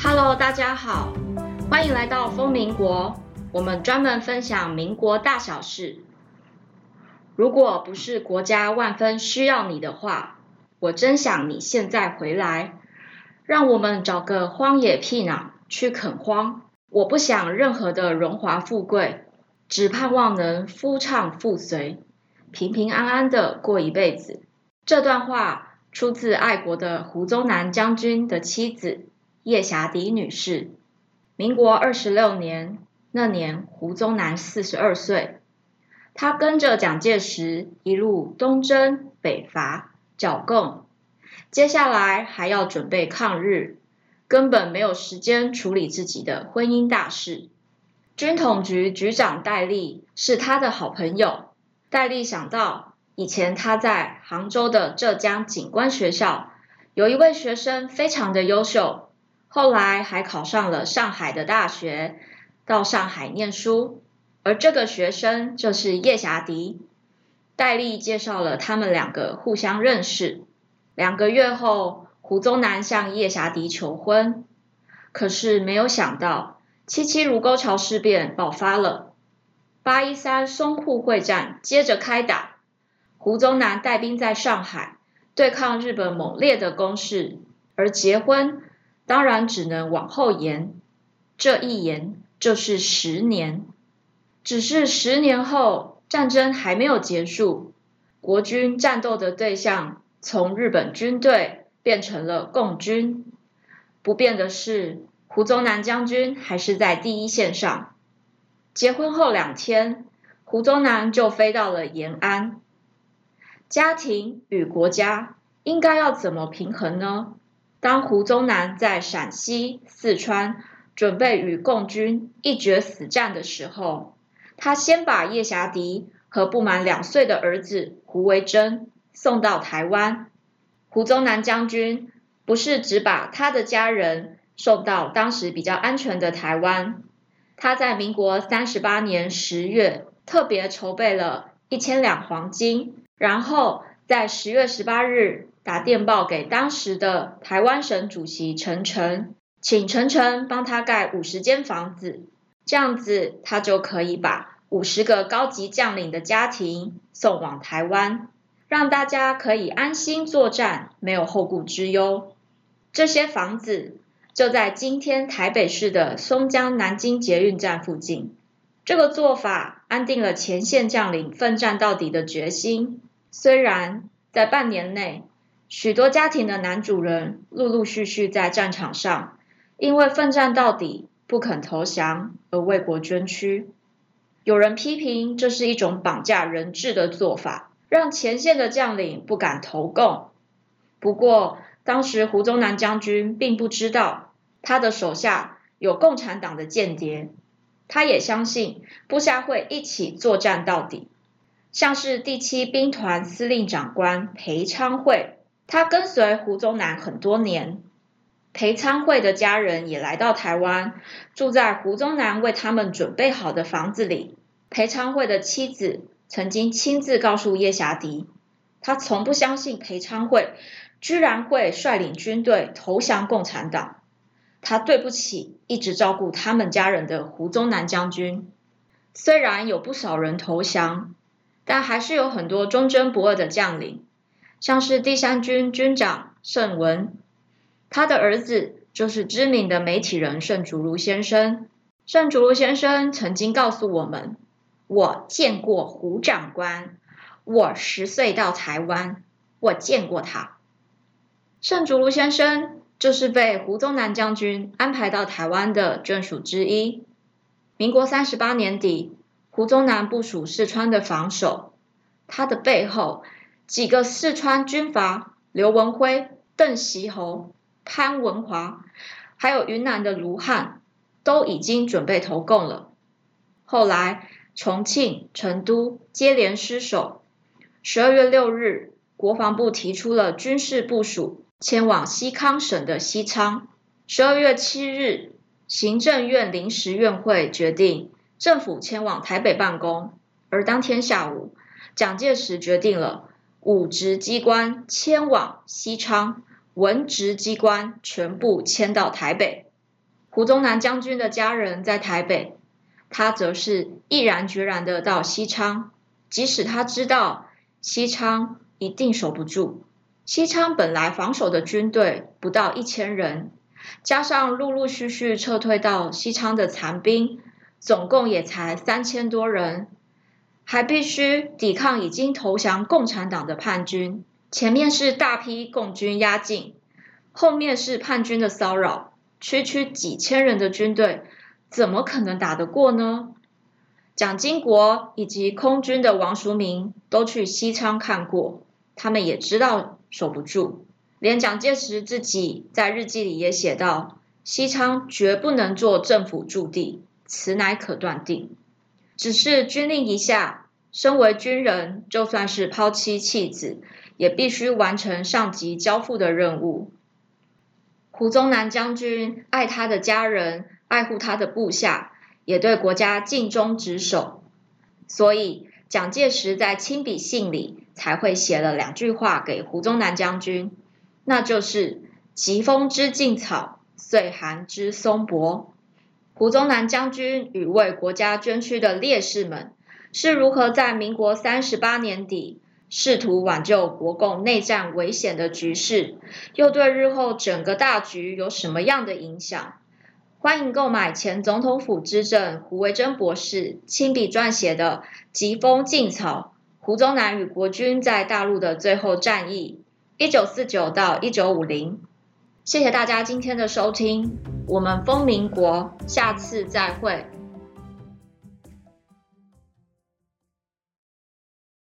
哈嘍大家好，歡迎來到瘋民國。我們專門分享民國大小事。如果不是國家萬分需要你的話，我真想你現在回來，讓我們找個荒野僻壤去墾荒。我不想任何的榮華富貴，只盼望能夫唱婦隨，平平安安的過一輩子。這段話出自愛國的胡宗南將軍的妻子。葉霞迪女士，民國二十六年那年，胡宗南四十二歲，他跟着蔣介石一路東征北伐剿共，接下來還要準備抗日，根本沒有時間處理自己的婚姻大事。軍統局局長戴笠是他的好朋友，戴笠想到以前他在杭州的浙江警官學校有一位學生非常的優秀。後來還考上了上海的大學，到上海念書。而這個學生就是葉霞迪。戴笠介紹了他們兩個互相認識。兩個月後，胡宗南向葉霞迪求婚，可是沒有想到，七七盧溝橋事變爆發了，八一三淞滬會戰接着開打。胡宗南帶兵在上海對抗日本猛烈的攻勢，而結婚。當然只能往後延，這一延就是十年。只是十年後，戰爭還沒有結束，國軍戰鬥的對象從日本軍隊變成了共軍。不變的是，胡宗南將軍還是在第一線上。結婚後兩天，胡宗南就飛到了延安。家庭與國家應該要怎麼平衡呢？當胡宗南在陝西、四川準備與共軍一決死戰的時候，他先把葉霞翟和不滿兩歲的兒子胡為真送到台灣。胡宗南將軍不是只把他的家人送到當時比較安全的台灣，他在民國三十八年十月特別籌備了一千兩黃金，然後在十月十八日。打電報給當時的台灣省主席陳誠，請陳誠幫他蓋五十間房子，這樣子他就可以把五十個高級將領的家庭送往台灣，讓大家可以安心作戰，沒有後顧之憂。這些房子就在今天台北市的松江南京捷運站附近。這個做法安定了前線將領奮戰到底的決心。雖然在半年內。許多家庭的男主人陸陸續續在戰場上，因為奮戰到底，不肯投降而為國捐軀。有人批評這是一種綁架人質的做法，讓前線的將領不敢投共。不過，當時胡宗南將軍並不知道他的手下有共產黨的間諜，他也相信部下會一起作戰到底。像是第七兵團司令長官裴昌會。他跟隨胡宗南很多年，裴昌會的家人也來到台灣，住在胡宗南為他們準備好的房子裡。裴昌會的妻子曾經親自告訴葉霞翟，他從不相信裴昌會居然會率領軍隊投降共產黨。他對不起一直照顧他們家人的胡宗南將軍。雖然有不少人投降，但還是有很多忠貞不二的將領。像是第三軍軍長盛文，他的兒子就是知名的媒體人盛竹如先生。盛竹如先生曾經告訴我們：“我見過胡長官，我十歲到台灣，我見過他。”盛竹如先生就是被胡宗南將軍安排到台灣的眷屬之一。民國三十八年底，胡宗南部署四川的防守，他的背後。幾個四川軍閥劉文輝、鄧錫侯、潘文華，還有雲南的盧漢，都已經準備投共了。後來重慶、成都接連失守。十二月六日，國防部提出了軍事部署，遷往西康省的西昌。十二月七日，行政院臨時院會決定政府遷往台北辦公，而當天下午，蔣介石決定了。武職機關遷往西昌，文職機關全部遷到臺北。胡宗南將軍的家人在臺北，他則是毅然決然地到西昌，即使他知道西昌一定守不住。西昌本來防守的軍隊不到一千人，加上陸陸續續撤退到西昌的殘兵，總共也才三千多人。還必須抵抗已經投降共產黨的叛軍，前面是大批共軍壓境，後面是叛軍的騷擾，區區幾千人的軍隊怎麼可能打得過呢？蔣經國以及空軍的王叔銘都去西昌看過，他們也知道守不住。連蔣介石自己在日記裡也寫道：“西昌絕不能做政府駐地，此乃可斷定。”只是軍令一下，身為軍人，就算是拋妻棄子，也必須完成上級交付的任務。胡宗南將軍愛他的家人，愛護他的部下，也對國家盡忠職守，所以蔣介石在親筆信裡才會寫了兩句話給胡宗南將軍，那就是“疾風知勁草，歲寒知松柏。”胡宗南將軍與為國家捐軀的烈士們是如何在民國三十八年底試圖挽救國共內戰危險的局勢，又對日後整個大局有什麼樣的影響？歡迎購買前總統府資政胡為真博士親筆撰寫的《疾風勁草：胡宗南與國軍在大陸的最後戰役》1949 -1950 （一九四九到一九五零）。謝謝大家今天的收聽，我們瘋民國下次再會。